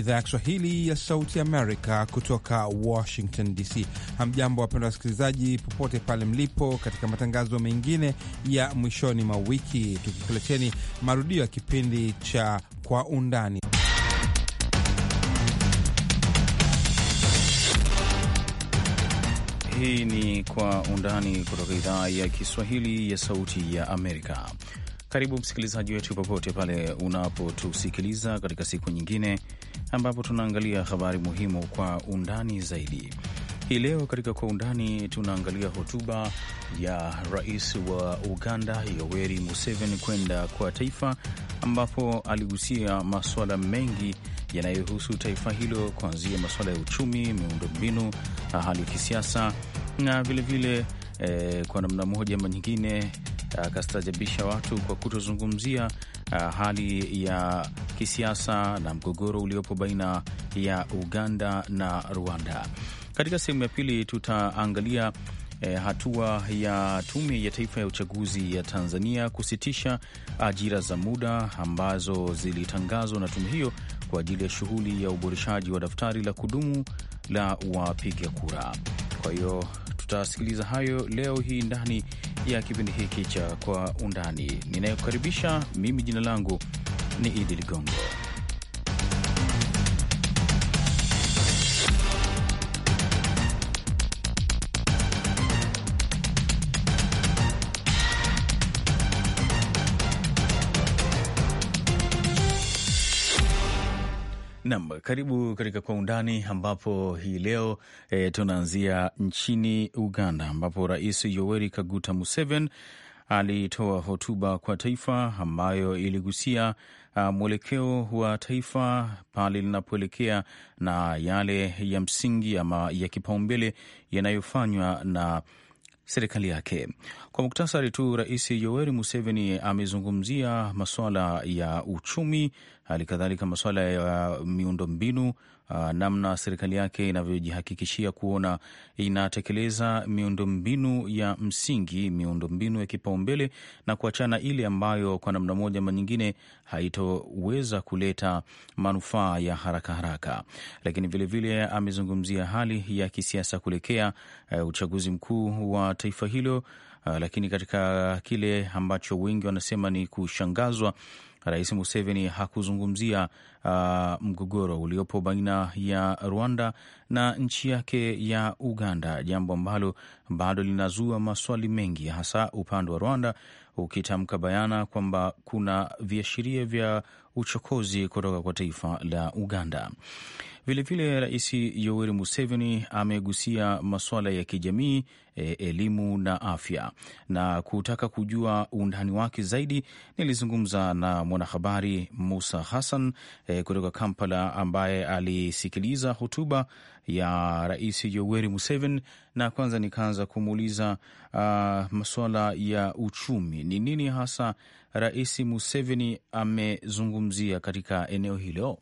Idhaa ya Kiswahili ya Sauti Amerika kutoka Washington DC. Hamjambo wapendwa wasikilizaji, popote pale mlipo, katika matangazo mengine ya mwishoni mwa wiki, tukikuleteni marudio ya kipindi cha Kwa Undani. Hii ni Kwa Undani kutoka idhaa ya Kiswahili ya Sauti ya Amerika. Karibu msikilizaji wetu, popote pale unapotusikiliza katika siku nyingine ambapo tunaangalia habari muhimu kwa undani zaidi. Hii leo katika kwa undani tunaangalia hotuba ya rais wa Uganda Yoweri Museveni kwenda kwa taifa, ambapo aligusia masuala mengi yanayohusu taifa hilo, kuanzia masuala ya uchumi, miundombinu, hali ya kisiasa na vilevile vile, eh, kwa namna moja ama nyingine eh, akastajabisha watu kwa kutozungumzia eh, hali ya kisiasa na mgogoro uliopo baina ya Uganda na Rwanda. Katika sehemu ya pili tutaangalia E, hatua ya Tume ya Taifa ya Uchaguzi ya Tanzania kusitisha ajira za muda ambazo zilitangazwa na tume hiyo kwa ajili ya shughuli ya uboreshaji wa daftari la kudumu la wapiga kura. Kwa hiyo tutasikiliza hayo leo hii ndani ya kipindi hiki cha Kwa Undani. Ninayokaribisha mimi, jina langu ni Idi Ligongo. Nam, karibu katika Kwa Undani, ambapo hii leo e, tunaanzia nchini Uganda, ambapo Rais Yoweri Kaguta Museveni alitoa hotuba kwa taifa ambayo iligusia uh, mwelekeo wa taifa pale linapoelekea na yale ya msingi ama ya kipaumbele yanayofanywa na serikali yake. Kwa muktasari tu, Rais Yoweri Museveni amezungumzia masuala ya uchumi, hali kadhalika masuala ya miundombinu, uh, namna serikali yake inavyojihakikishia kuona inatekeleza miundombinu ya msingi, miundombinu ya kipaumbele na kuachana ile ambayo kwa namna moja ama nyingine haitoweza kuleta manufaa ya haraka haraka. Lakini vilevile amezungumzia hali ya kisiasa kuelekea uh, uchaguzi mkuu wa taifa hilo uh, lakini katika kile ambacho wengi wanasema ni kushangazwa Rais Museveni hakuzungumzia uh, mgogoro uliopo baina ya Rwanda na nchi yake ya Uganda, jambo ambalo bado linazua maswali mengi, hasa upande wa Rwanda ukitamka bayana kwamba kuna viashiria vya uchokozi kutoka kwa taifa la Uganda. Vilevile Rais Yoweri Museveni amegusia masuala ya kijamii, e, elimu na afya. Na kutaka kujua undani wake zaidi, nilizungumza na mwanahabari Musa Hassan e, kutoka Kampala, ambaye alisikiliza hotuba ya Rais Yoweri Museveni na kwanza nikaanza kumuuliza uh, masuala ya uchumi. Ni nini hasa Rais Museveni amezungumzia katika eneo hilo?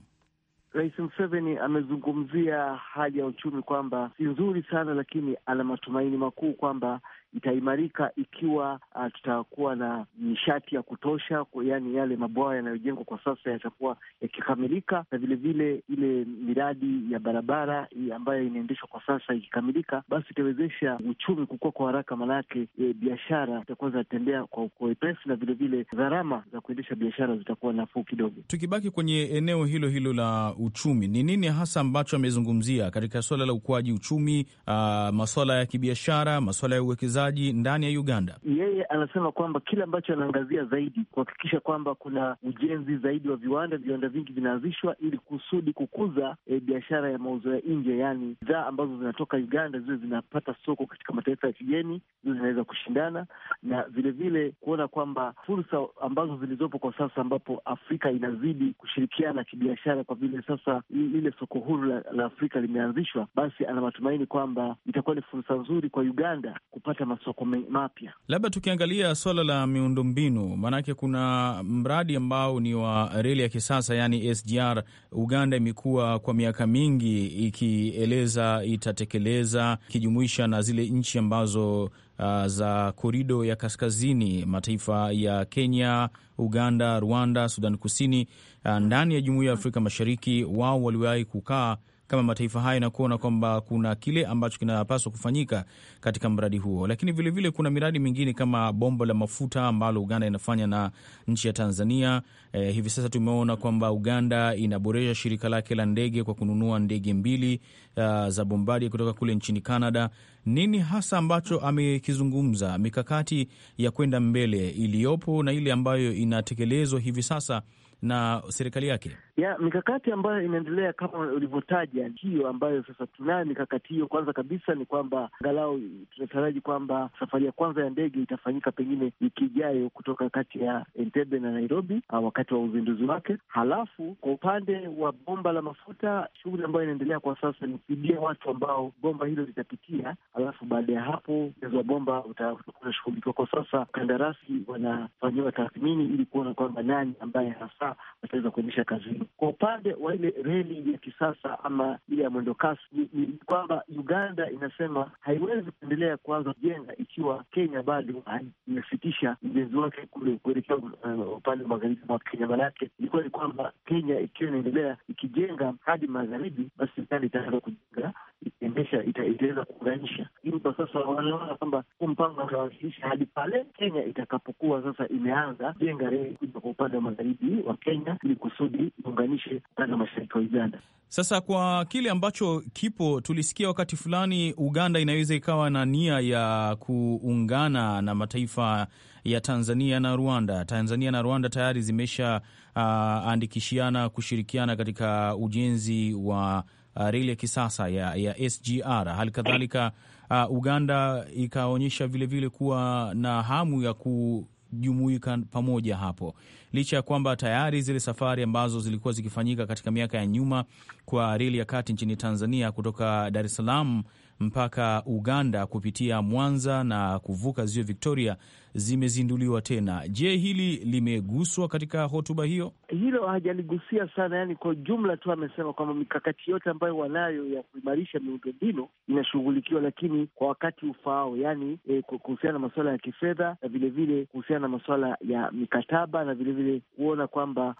Rais mseveni amezungumzia hali ya uchumi kwamba si nzuri sana, lakini ana matumaini makuu kwamba itaimarika ikiwa uh, tutakuwa na nishati ya kutosha, yaani yale mabwawa yanayojengwa kwa sasa yatakuwa yakikamilika, na vilevile ile miradi ya barabara ambayo inaendeshwa kwa sasa ikikamilika, basi itawezesha uchumi kukua kwa haraka, maanake e, biashara zitakuwa zinatembea kwa wepesi, na vilevile gharama za kuendesha biashara zitakuwa nafuu kidogo. Tukibaki kwenye eneo hilo hilo la uchumi, ni nini hasa ambacho amezungumzia katika swala la ukuaji uchumi, uh, ah, maswala ya kibiashara, maswala ya uwekezaji uwekezaji ndani ya Uganda. Yeye anasema kwamba kile ambacho anaangazia zaidi kuhakikisha kwamba kuna ujenzi zaidi wa viwanda, viwanda vingi vinaanzishwa ili kusudi kukuza e, biashara ya mauzo ya nje, yaani bidhaa ambazo zinatoka Uganda ziwe zinapata soko katika mataifa ya kigeni, ziwe zinaweza kushindana na vilevile vile kuona kwamba fursa ambazo zilizopo kwa sasa, ambapo Afrika inazidi kushirikiana kibiashara, kwa vile sasa lile soko huru la, la Afrika limeanzishwa, basi ana matumaini kwamba itakuwa ni fursa nzuri kwa Uganda kupata masoko mapya. Labda tukiangalia swala la miundombinu, maanake kuna mradi ambao ni wa reli ya kisasa, yani SGR. Uganda imekuwa kwa miaka mingi ikieleza itatekeleza, ikijumuisha na zile nchi ambazo Uh, za korido ya kaskazini, mataifa ya Kenya, Uganda, Rwanda, Sudan Kusini, uh, ndani ya Jumuiya ya Afrika Mashariki wao waliwahi kukaa kama mataifa haya na kuona kwamba kuna kile ambacho kinapaswa kufanyika katika mradi huo. Lakini vilevile vile kuna miradi mingine kama bomba la mafuta ambalo Uganda inafanya na nchi ya Tanzania. Eh, hivi sasa tumeona kwamba Uganda inaboresha shirika lake la ndege kwa kununua ndege mbili uh, za bombadi kutoka kule nchini Canada. Nini hasa ambacho amekizungumza, mikakati ya kwenda mbele iliyopo na ile ambayo inatekelezwa hivi sasa na serikali yake ya mikakati ambayo inaendelea kama ulivyotaja hiyo ambayo sasa tunayo mikakati hiyo. Kwanza kabisa ni kwamba angalau tunataraji kwamba safari ya kwanza ya ndege itafanyika pengine wiki ijayo kutoka kati ya Entebbe na Nairobi ah, wakati wa uzinduzi wake. Halafu kwa upande wa bomba la mafuta, shughuli ambayo inaendelea kwa sasa ni kuibia watu ambao bomba hilo litapitia, alafu baada ya hapo uwezo wa bomba utashughulikiwa. Kwa sasa kandarasi wanafanyiwa tathmini ili kuona kwamba nani ambaye hasa sasa wataweza kuendesha kazi hiyo. Kwa upande wa ile reli ya kisasa ama ile ya mwendokasi, ni kwamba Uganda inasema haiwezi kuendelea kuanza kujenga ikiwa Kenya bado imefikisha ujenzi wake kule kuelekea uh, upande wa magharibi mwa Kenya. yake ilikuwa ni kwamba Kenya ikiwa inaendelea ikijenga hadi magharibi, basi serikali itaweza kujenga ikiendesha itaweza kuunganisha. hivi. kwa sasa wanaona kwamba huu mpango utawasilisha hadi pale Kenya itakapokuwa sasa imeanza jenga reli kuja kwa upande wa magharibi wa Kenya ili kusudi iunganishe na mashariki wa Uganda. Sasa kwa kile ambacho kipo, tulisikia wakati fulani Uganda inaweza ikawa na nia ya kuungana na mataifa ya Tanzania na Rwanda. Tanzania na Rwanda tayari zimesha uh, andikishiana kushirikiana katika ujenzi wa uh, reli ya kisasa ya, ya SGR. Hali kadhalika uh, Uganda ikaonyesha vilevile kuwa na hamu ya ku wanajumuika pamoja hapo, licha ya kwamba tayari zile safari ambazo zilikuwa zikifanyika katika miaka ya nyuma kwa reli ya kati nchini Tanzania kutoka Dar es Salaam mpaka Uganda kupitia Mwanza na kuvuka ziwa Victoria zimezinduliwa tena. Je, hili limeguswa katika hotuba hiyo? Hilo hajaligusia sana, yani kwa ujumla tu amesema kwamba mikakati yote ambayo wanayo ya kuimarisha miundombinu inashughulikiwa, lakini kwa wakati ufaao, yani e, kuhusiana na masuala ya kifedha na vilevile kuhusiana na masuala ya mikataba na vilevile kuona kwamba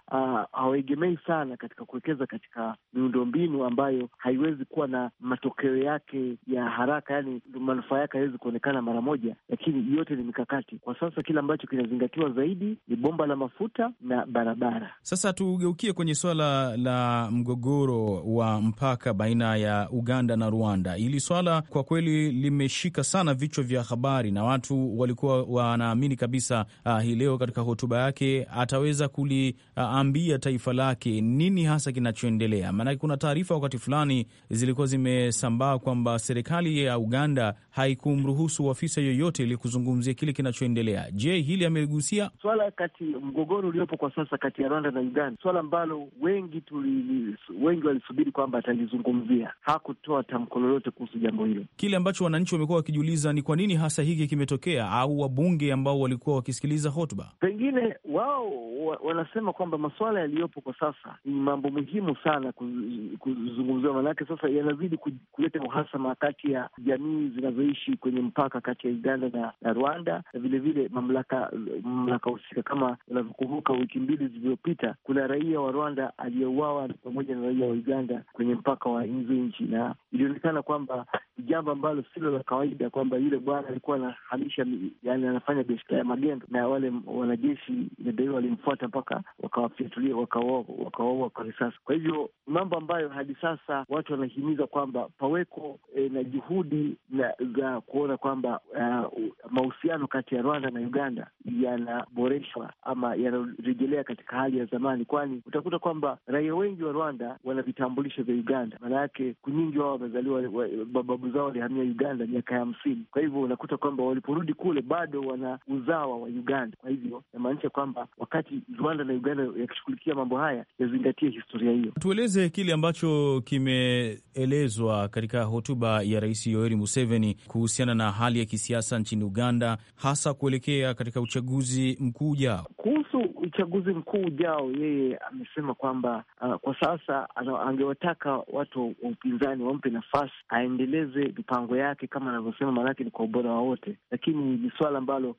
hawaegemei sana katika kuwekeza katika miundombinu ambayo haiwezi kuwa na matokeo yake ya haraka, yani manufaa yake haiwezi kuonekana mara moja, lakini yote ni mikakati kwa sasa kile ambacho kinazingatiwa zaidi ni bomba la mafuta na barabara. Sasa tugeukie kwenye suala la mgogoro wa mpaka baina ya Uganda na Rwanda. Hili swala kwa kweli limeshika sana vichwa vya habari na watu walikuwa wanaamini kabisa, uh, hii leo katika hotuba yake ataweza kuliambia uh, taifa lake nini hasa kinachoendelea. Maanake kuna taarifa wakati fulani zilikuwa zimesambaa kwamba serikali ya Uganda haikumruhusu afisa yoyote ili kuzungumzia kile kinacho unaendelea. Je, hili ameligusia swala kati mgogoro uliopo kwa sasa kati ya Rwanda na Uganda, swala ambalo wengi tuli, wengi walisubiri kwamba atalizungumzia. Hakutoa tamko lolote kuhusu jambo hilo. Kile ambacho wananchi wamekuwa wakijiuliza ni kwa nini hasa hiki kimetokea, au wabunge ambao walikuwa wakisikiliza hotuba, pengine wao wanasema kwamba masuala yaliyopo kwa sasa ni mambo muhimu sana kuzungumziwa, manake sasa yanazidi kuleta uhasama kati ya jamii zinazoishi kwenye mpaka kati ya Uganda na, na Rwanda na vile vilevile mamlaka mamlaka husika. Kama unavyokumbuka, wiki mbili zilizopita, kuna raia wa Rwanda aliyeuawa pamoja na raia wa Uganda kwenye mpaka wa hizo nchi, na ilionekana kwamba jambo ambalo silo la kawaida kwamba yule bwana alikuwa anahamisha, yani anafanya biashara ya magendo, na wale wanajeshi inadaiwa walimfuata mpaka wakawafyatulia, wakawaua kwa risasi. Kwa hivyo mambo ambayo hadi sasa watu wanahimiza kwamba paweko e, na juhudi za kuona kwamba uh, mahusiano kati ya Rwanda na Uganda yanaboreshwa ama yanarejelea katika hali ya zamani, kwani utakuta kwamba raia wengi wa Rwanda wana vitambulisho vya Uganda. Maana yake kunyingi wao wamezaliwa, babu zao walihamia Uganda miaka ya hamsini. Kwa hivyo unakuta kwamba waliporudi kule bado wana uzawa wa Uganda. Kwa hivyo inamaanisha kwamba wakati Rwanda na Uganda yakishughulikia mambo haya yazingatie historia hiyo. Tueleze kile ambacho kimeelezwa katika hotuba ya Rais Yoweri Museveni kuhusiana na hali ya kisiasa nchini Uganda hasa kuelekea katika uchaguzi mkuu ujao. Kuhusu uchaguzi mkuu ujao, yeye amesema kwamba uh, kwa sasa angewataka watu wa upinzani wampe nafasi aendeleze mipango yake kama anavyosema, maanake ni kwa ubora wa wote, lakini ni suala ambalo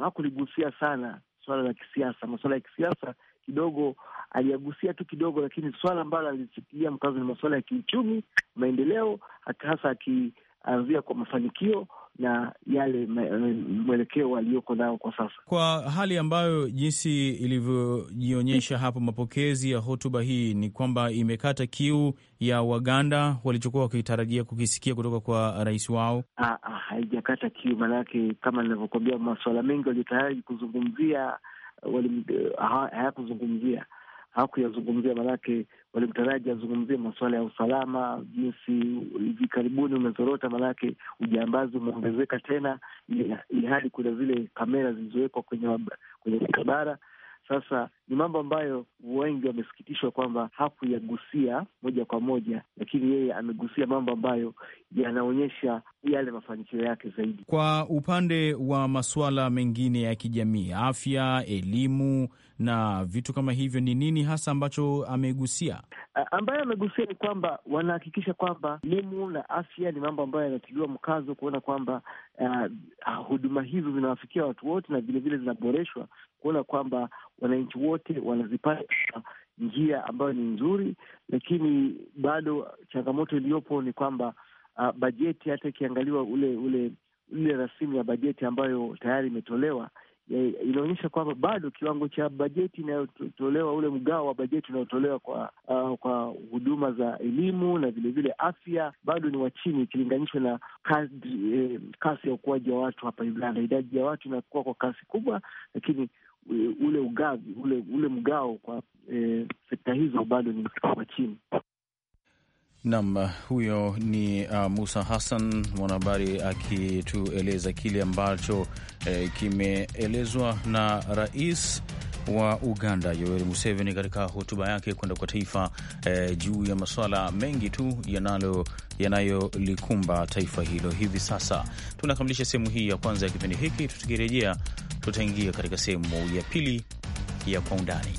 hakuligusia sana, suala la kisiasa. Masuala ya kisiasa kidogo aliyagusia tu kidogo, lakini suala ambalo alishikilia mkazo ni masuala ya kiuchumi, maendeleo, hasa akianzia kwa mafanikio na yale mwelekeo walioko nao kwa sasa, kwa hali ambayo jinsi ilivyojionyesha hapo. Mapokezi ya hotuba hii ni kwamba imekata kiu ya Waganda walichokuwa wakitarajia kukisikia kutoka kwa rais wao. Ah, ah, haijakata kiu, maanake kama ninavyokuambia, masuala mengi waliotaraji kuzungumzia eh, hayakuzungumzia, hawakuyazungumzia, maanake walimtaraji azungumzie masuala ya usalama, jinsi hivi karibuni umezorota, maanake ujambazi umeongezeka tena, ili hali kuna zile kamera zilizowekwa kwenye barabara sasa ni mambo ambayo wengi wamesikitishwa kwamba hakuyagusia moja kwa moja, lakini yeye amegusia mambo ambayo yanaonyesha yale mafanikio yake zaidi. Kwa upande wa masuala mengine ya kijamii, afya, elimu na vitu kama hivyo, ni nini hasa ambacho amegusia? Ambayo amegusia ni kwamba wanahakikisha kwamba elimu na afya ni mambo ambayo yanatiliwa mkazo kuona kwamba uh, huduma hizo zinawafikia watu wote na vilevile zinaboreshwa kuona kwamba wananchi wote wanazipata njia ambayo ni nzuri, lakini bado changamoto iliyopo ni kwamba uh, bajeti hata ikiangaliwa ule ule ile rasimu ya bajeti ambayo tayari imetolewa inaonyesha kwamba bado kiwango cha bajeti inayotolewa ule mgao wa bajeti unayotolewa kwa uh, kwa huduma za elimu na vilevile afya bado ni wa chini ikilinganishwa na kasi, eh, kasi ya ukuaji wa watu hapa Uganda. Idadi ya watu inakuwa kwa kasi kubwa, lakini ule ugavi ule ule mgao kwa e, sekta hizo bado ni kwa chini. Naam, huyo ni uh, Musa Hassan mwanahabari akitueleza kile ambacho eh, kimeelezwa na rais wa Uganda Yoweri Museveni katika hotuba yake kwenda kwa taifa eh, juu ya masuala mengi tu yanalo yanayolikumba taifa hilo hivi sasa. Tunakamilisha sehemu hii ya kwanza ya kipindi hiki. Tutakirejea, tutaingia katika sehemu ya pili ya kwa undani.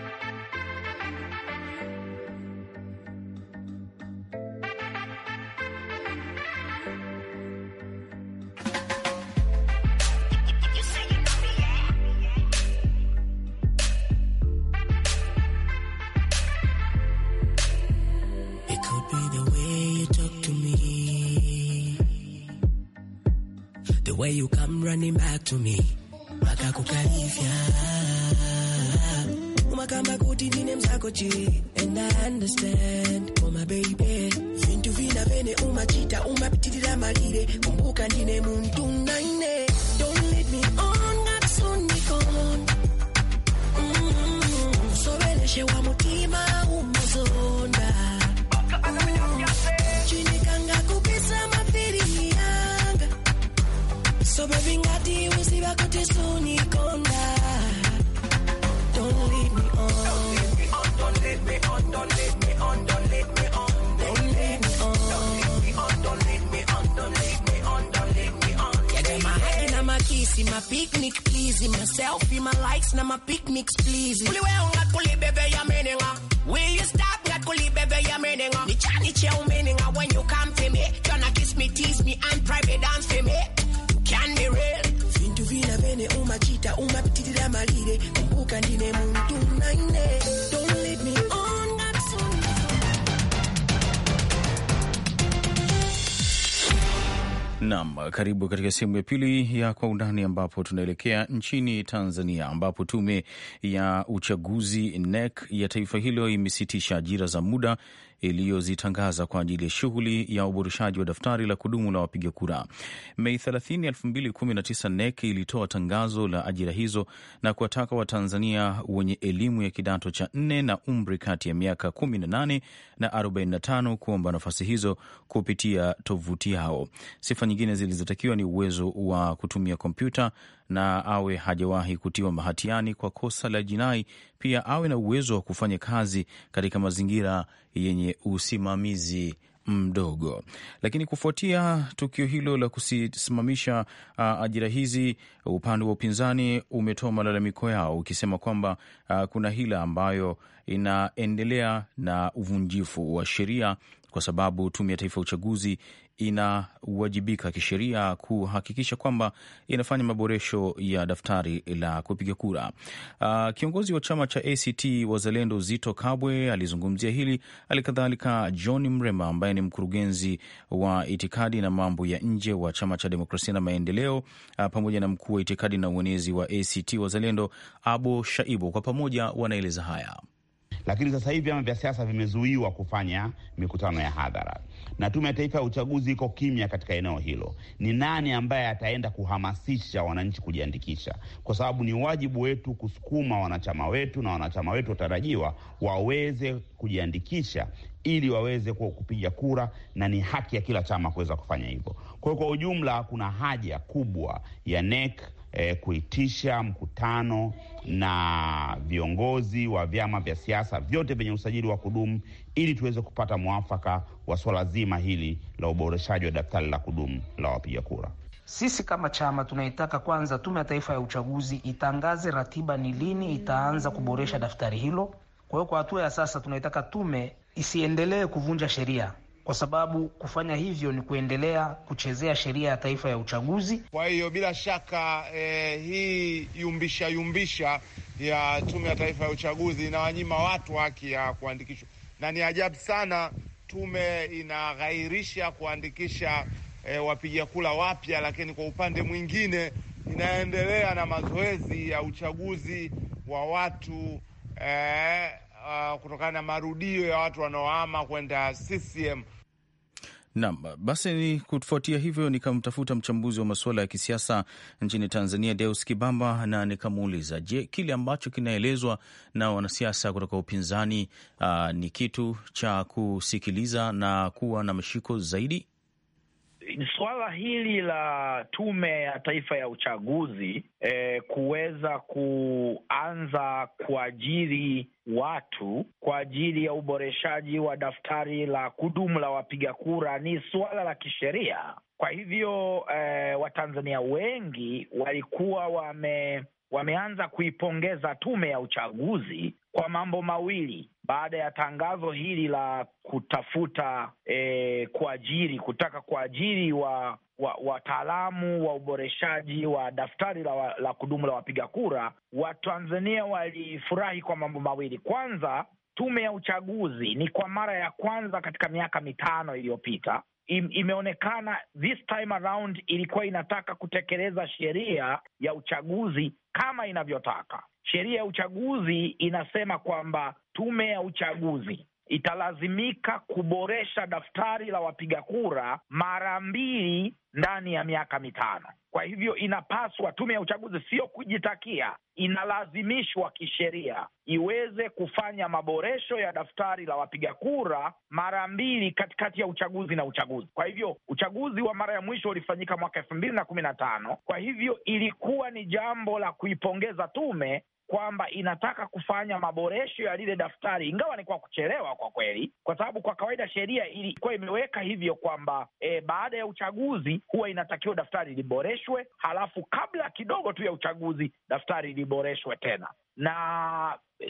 way you come running back to me makakukalifya umakamba kuti ndine mzako chi and I understand koma oh, baby vintu vina vene umachita umapitirira malire kumbuka ndine muntu naine don't let me on ngatsundikon mm -hmm. usoveleshe wa mutima Don't me on. Don't me on, don't me on, don't me on. Don't me on, don't me on, don't me on, don't me on, kiss, my picnic please, my selfie, my likes, na my picnics please. Uliwe ungatuli bebe ya meninga. Will you stop Kuli bebe ya meninga? Nicha niche umeninga when you come to me. Gonna kiss me, tease me, and private dance for me. malire kumbuka ndine muntu naine karibu katika sehemu ya pili ya Kwa Undani, ambapo tunaelekea nchini Tanzania, ambapo tume ya uchaguzi NEC ya taifa hilo imesitisha ajira za muda iliyozitangaza kwa ajili ya shughuli ya uboreshaji wa daftari la kudumu la wapiga kura. Mei 30, 2019, NEC ilitoa tangazo la ajira hizo na kuwataka Watanzania wenye elimu ya kidato cha nne na umri kati ya miaka 18 na 45 kuomba nafasi hizo kupitia tovuti yao. Sifa nyingine zilizotakiwa ni uwezo wa kutumia kompyuta na awe hajawahi kutiwa mahatiani kwa kosa la jinai, pia awe na uwezo wa kufanya kazi katika mazingira yenye usimamizi mdogo. Lakini kufuatia tukio hilo la kusimamisha uh, ajira hizi, upande wa upinzani umetoa malalamiko yao ukisema kwamba uh, kuna hila ambayo inaendelea na uvunjifu wa sheria kwa sababu Tume ya Taifa ya Uchaguzi inawajibika kisheria kuhakikisha kwamba inafanya maboresho ya daftari la kupiga kura. Uh, kiongozi wa chama cha ACT Wazalendo Zito Kabwe alizungumzia hili, halikadhalika John Mrema ambaye ni mkurugenzi wa itikadi na mambo ya nje wa chama cha demokrasia na maendeleo, uh, pamoja na mkuu wa itikadi na uenezi wa ACT Wazalendo Abo Shaibo, kwa pamoja wanaeleza haya. Lakini sasa hivi vyama vya siasa vimezuiwa kufanya mikutano ya hadhara na Tume ya Taifa ya Uchaguzi iko kimya katika eneo hilo. Ni nani ambaye ataenda kuhamasisha wananchi kujiandikisha? Kwa sababu ni wajibu wetu kusukuma wanachama wetu na wanachama wetu watarajiwa waweze kujiandikisha ili waweze kupiga kura, na ni haki ya kila chama kuweza kufanya hivyo. Kwa hiyo, kwa ujumla kuna haja kubwa ya NEC e, kuitisha mkutano na viongozi wa vyama vya siasa vyote vyenye usajili wa kudumu ili tuweze kupata mwafaka wa swala zima hili la uboreshaji wa daftari la kudumu la wapiga kura. Sisi kama chama tunaitaka kwanza Tume ya Taifa ya Uchaguzi itangaze ratiba ni lini itaanza kuboresha daftari hilo. Kwa hiyo, kwa hatua ya sasa tunaitaka tume isiendelee kuvunja sheria kwa sababu kufanya hivyo ni kuendelea kuchezea sheria ya taifa ya uchaguzi. Kwa hiyo bila shaka eh, hii yumbisha yumbisha ya tume ya taifa ya uchaguzi inawanyima watu haki ya kuandikishwa, na ni ajabu sana tume inaghairisha kuandikisha eh, wapiga kura wapya, lakini kwa upande mwingine inaendelea na mazoezi ya uchaguzi wa watu eh, uh, kutokana na marudio ya watu wanaohama kwenda CCM. Naam, basi ni kufuatia hivyo nikamtafuta mchambuzi wa masuala ya kisiasa nchini Tanzania Deus Kibamba, na nikamuuliza, je, kile ambacho kinaelezwa na wanasiasa kutoka upinzani uh, ni kitu cha kusikiliza na kuwa na mashiko zaidi? Suala hili la Tume ya Taifa ya Uchaguzi eh, kuweza kuanza kuajiri watu kwa ajili ya uboreshaji wa daftari la kudumu la wapiga kura ni suala la kisheria. Kwa hivyo eh, Watanzania wengi walikuwa wame wameanza kuipongeza tume ya uchaguzi kwa mambo mawili baada ya tangazo hili la kutafuta e, kuajiri kutaka kuajiri wa wataalamu wa, wa uboreshaji wa daftari la, la kudumu la wapiga kura. Watanzania walifurahi kwa mambo mawili. Kwanza, tume ya uchaguzi ni kwa mara ya kwanza katika miaka mitano iliyopita imeonekana this time around ilikuwa inataka kutekeleza sheria ya uchaguzi kama inavyotaka. Sheria ya uchaguzi inasema kwamba tume ya uchaguzi italazimika kuboresha daftari la wapiga kura mara mbili ndani ya miaka mitano. Kwa hivyo inapaswa tume ya uchaguzi, sio kujitakia, inalazimishwa kisheria iweze kufanya maboresho ya daftari la wapiga kura mara mbili katikati ya uchaguzi na uchaguzi. Kwa hivyo uchaguzi wa mara ya mwisho ulifanyika mwaka elfu mbili na kumi na tano. Kwa hivyo ilikuwa ni jambo la kuipongeza tume kwamba inataka kufanya maboresho ya lile daftari, ingawa ni kwa kuchelewa kwa kweli, kwa sababu kwa kawaida sheria ilikuwa imeweka hivyo kwamba e, baada ya uchaguzi huwa inatakiwa daftari liboreshwe, halafu kabla kidogo tu ya uchaguzi daftari liboreshwe tena na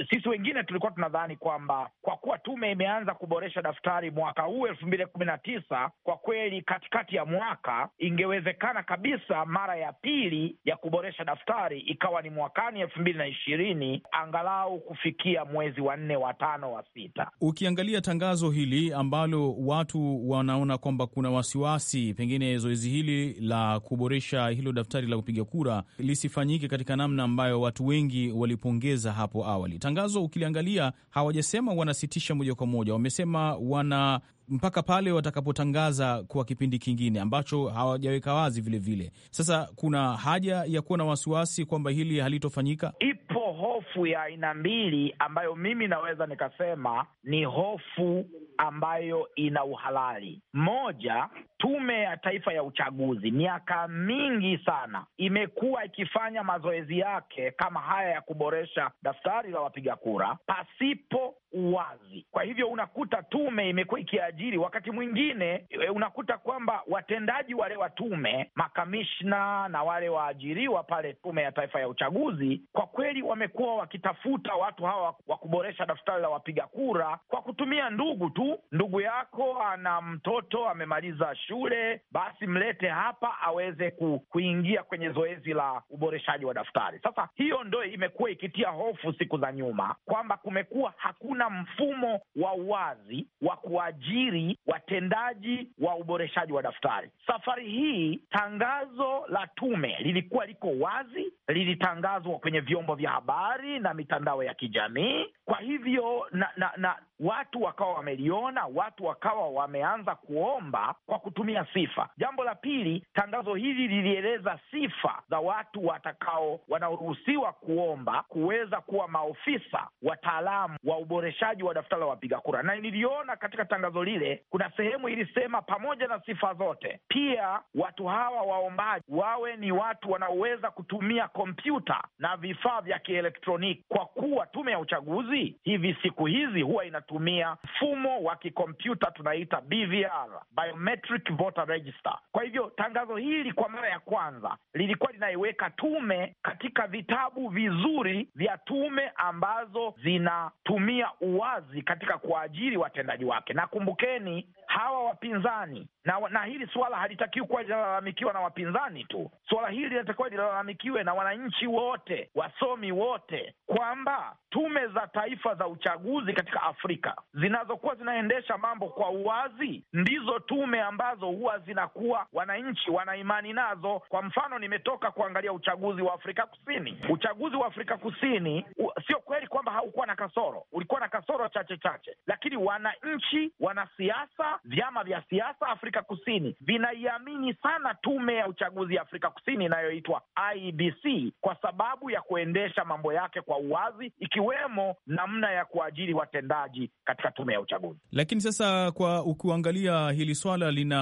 sisi wengine tulikuwa tunadhani kwamba kwa kuwa tume imeanza kuboresha daftari mwaka huu elfu mbili kumi na tisa, kwa kweli katikati ya mwaka ingewezekana kabisa mara ya pili ya kuboresha daftari ikawa ni mwakani elfu mbili na ishirini, angalau kufikia mwezi wa nne, wa tano, wa sita. Ukiangalia tangazo hili ambalo watu wanaona kwamba kuna wasiwasi, pengine zoezi hili la kuboresha hilo daftari la kupiga kura lisifanyike katika namna ambayo watu wengi walipongeza hapo awali Tangazo ukiliangalia hawajasema wanasitisha moja kwa moja, wamesema wana mpaka pale watakapotangaza kwa kipindi kingine ambacho hawajaweka wazi vilevile vile. Sasa kuna haja ya kuwa na wasiwasi kwamba hili halitofanyika ipo hofu ya aina mbili ambayo mimi naweza nikasema ni hofu ambayo ina uhalali. Moja, Tume ya Taifa ya Uchaguzi miaka mingi sana imekuwa ikifanya mazoezi yake kama haya ya kuboresha daftari la wapiga kura pasipo uwazi. Kwa hivyo unakuta tume imekuwa ikiajiri, wakati mwingine e, unakuta kwamba watendaji wale wa tume, makamishna na wale waajiriwa pale Tume ya Taifa ya Uchaguzi, kwa kweli wame wamekuwa wakitafuta watu hawa wa kuboresha daftari la wapiga kura kwa kutumia ndugu tu. Ndugu yako ana mtoto amemaliza shule, basi mlete hapa aweze ku, kuingia kwenye zoezi la uboreshaji wa daftari. Sasa hiyo ndo imekuwa ikitia hofu siku za nyuma kwamba kumekuwa hakuna mfumo wa uwazi wa kuajiri watendaji wa uboreshaji wa daftari. Safari hii tangazo la tume lilikuwa liko wazi, lilitangazwa kwenye vyombo vya habari habari na mitandao ya kijamii. Kwa hivyo na, na, na watu wakawa wameliona, watu wakawa wameanza kuomba kwa kutumia sifa. Jambo la pili, tangazo hili lilieleza sifa za watu watakao wanaoruhusiwa kuomba kuweza kuwa maofisa wataalamu wa uboreshaji wa daftari la wapiga kura, na niliona katika tangazo lile kuna sehemu ilisema pamoja na sifa zote, pia watu hawa waombaji wawe ni watu wanaoweza kutumia kompyuta na vifaa vya kielektroniki, kwa kuwa tume ya uchaguzi hivi siku hizi huwa ina kutumia mfumo wa kikompyuta tunaita BVR, Biometric Voter Register. Kwa hivyo tangazo hili kwa mara ya kwanza lilikuwa linaiweka tume katika vitabu vizuri vya tume ambazo zinatumia uwazi katika kuajiri watendaji wake, na kumbukeni hawa wapinzani na, na hili suala halitakiwi kuwa linalalamikiwa na wapinzani tu. Suala hili linatakiwa lilalamikiwe na wananchi wote, wasomi wote, kwamba tume za taifa za uchaguzi katika Afrika husika zinazokuwa zinaendesha mambo kwa uwazi ndizo tume ambazo huwa zinakuwa wananchi wana imani nazo. Kwa mfano, nimetoka kuangalia uchaguzi wa Afrika Kusini. Uchaguzi wa Afrika Kusini sio kweli kwamba haukuwa na kasoro, ulikuwa na kasoro chache chache, lakini wananchi, wanasiasa, vyama vya siasa Afrika Kusini vinaiamini sana tume ya uchaguzi ya Afrika Kusini inayoitwa IBC kwa sababu ya kuendesha mambo yake kwa uwazi, ikiwemo namna ya kuajiri watendaji uchaguzi katika tume ya uchaguzi. Lakini sasa kwa ukiangalia hili swala lina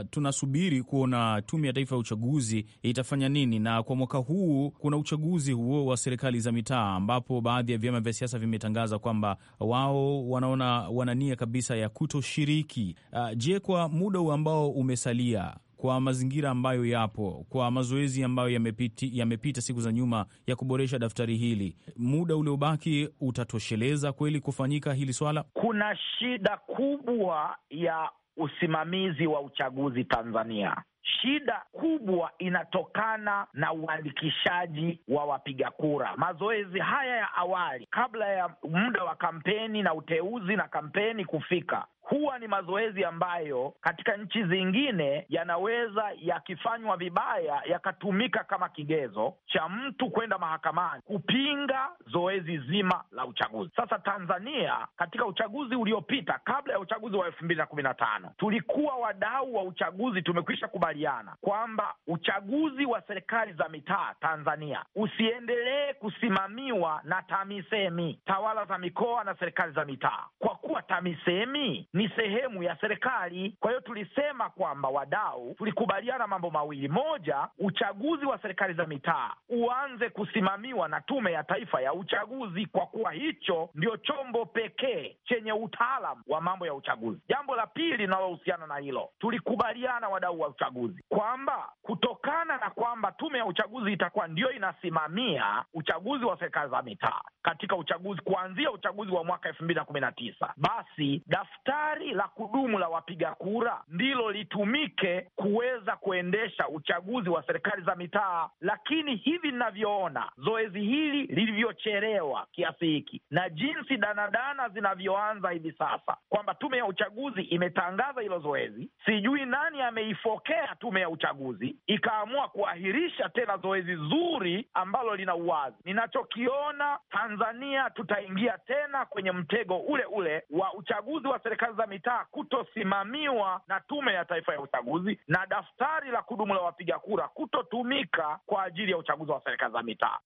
uh, tunasubiri kuona tume ya taifa ya uchaguzi itafanya nini, na kwa mwaka huu kuna uchaguzi huo wa serikali za mitaa, ambapo baadhi ya vyama vya siasa vimetangaza kwamba wao wanaona wana nia kabisa ya kutoshiriki. Uh, je, kwa muda ambao umesalia kwa mazingira ambayo yapo, kwa mazoezi ambayo yamepiti, yamepita siku za nyuma ya kuboresha daftari hili, muda uliobaki utatosheleza kweli kufanyika hili swala? Kuna shida kubwa ya usimamizi wa uchaguzi Tanzania. Shida kubwa inatokana na uandikishaji wa wapiga kura. Mazoezi haya ya awali kabla ya muda wa kampeni na uteuzi na kampeni kufika, huwa ni mazoezi ambayo katika nchi zingine yanaweza yakifanywa vibaya yakatumika kama kigezo cha mtu kwenda mahakamani kupinga zoezi zima la uchaguzi. Sasa Tanzania, katika uchaguzi uliopita, kabla ya uchaguzi wa elfu mbili na kumi na tano, tulikuwa wadau wa uchaguzi tumekwisha kubaliana kwamba uchaguzi wa serikali za mitaa Tanzania usiendelee kusimamiwa na TAMISEMI, tawala za mikoa na serikali za mitaa, kwa kuwa TAMISEMI ni sehemu ya serikali. Kwa hiyo tulisema kwamba wadau, tulikubaliana mambo mawili: moja, uchaguzi wa serikali za mitaa uanze kusimamiwa na Tume ya Taifa ya Uchaguzi, kwa kuwa hicho ndio chombo pekee chenye utaalam wa mambo ya uchaguzi. Jambo la pili linalohusiana na hilo, tulikubaliana wadau wa uchaguzi kwamba kutokana na kwamba Tume ya Uchaguzi itakuwa ndiyo inasimamia uchaguzi wa serikali za mitaa katika uchaguzi kuanzia uchaguzi wa mwaka elfu mbili na kumi na tisa basi daftari daftari la kudumu la wapiga kura ndilo litumike kuweza kuendesha uchaguzi wa serikali za mitaa, lakini hivi ninavyoona zoezi hili lilivyochelewa kiasi hiki na jinsi danadana zinavyoanza hivi sasa, kwamba tume ya uchaguzi imetangaza hilo zoezi, sijui nani ameifokea tume ya uchaguzi ikaamua kuahirisha tena zoezi zuri ambalo lina uwazi. Ninachokiona, Tanzania tutaingia tena kwenye mtego ule ule wa uchaguzi wa serikali za mitaa kutosimamiwa na Tume ya Taifa ya Uchaguzi na daftari la kudumu la wapiga kura kutotumika kwa ajili ya uchaguzi wa serikali za mitaa.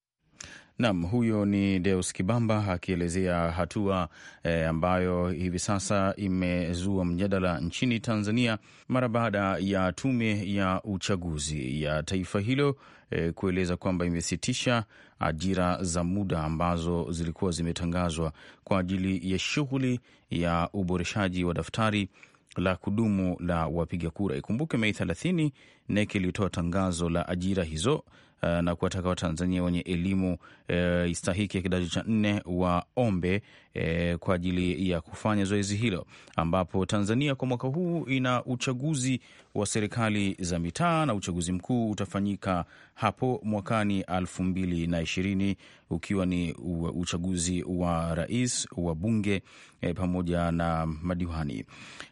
Nam, huyo ni Deus Kibamba akielezea hatua e, ambayo hivi sasa imezua mjadala nchini Tanzania mara baada ya tume ya uchaguzi ya taifa hilo e, kueleza kwamba imesitisha ajira za muda ambazo zilikuwa zimetangazwa kwa ajili ya shughuli ya uboreshaji wa daftari la kudumu la wapiga kura. Ikumbuke Mei 30 NEC ilitoa tangazo la ajira hizo Eh, na kuwataka Watanzania wenye elimu uh, istahiki ya kidato cha nne waombe uh, kwa ajili ya kufanya zoezi hilo, ambapo Tanzania kwa mwaka huu ina uchaguzi wa serikali za mitaa na uchaguzi mkuu utafanyika hapo mwakani ishirini ukiwa ni uchaguzi wa rais, wa bunge e, pamoja na madiwani.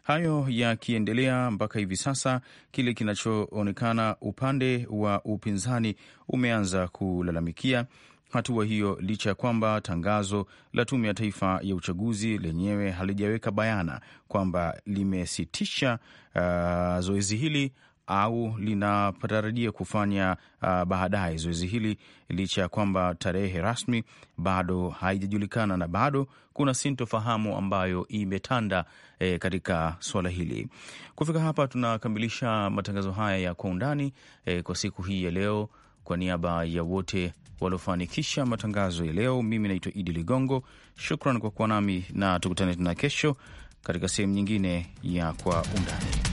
Hayo yakiendelea mpaka hivi sasa, kile kinachoonekana upande wa upinzani umeanza kulalamikia hatua hiyo licha ya kwamba tangazo la Tume ya Taifa ya Uchaguzi lenyewe halijaweka bayana kwamba limesitisha uh, zoezi hili au linatarajia kufanya uh, baadaye zoezi hili, licha ya kwamba tarehe rasmi bado haijajulikana na bado kuna sintofahamu ambayo imetanda eh, katika suala hili. Kufika hapa tunakamilisha matangazo haya ya kwa undani eh, kwa siku hii ya leo. Kwa niaba ya wote waliofanikisha matangazo ya leo, mimi naitwa Idi Ligongo. Shukran kwa kuwa nami na tukutane tena kesho katika sehemu nyingine ya Kwa Undani.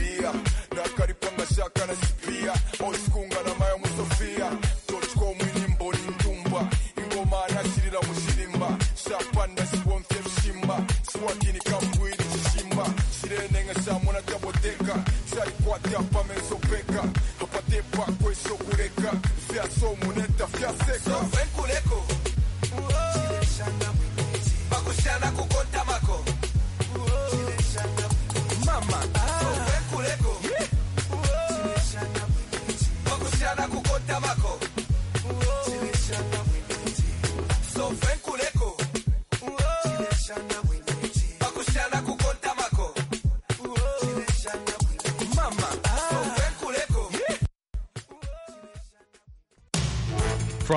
Yeah.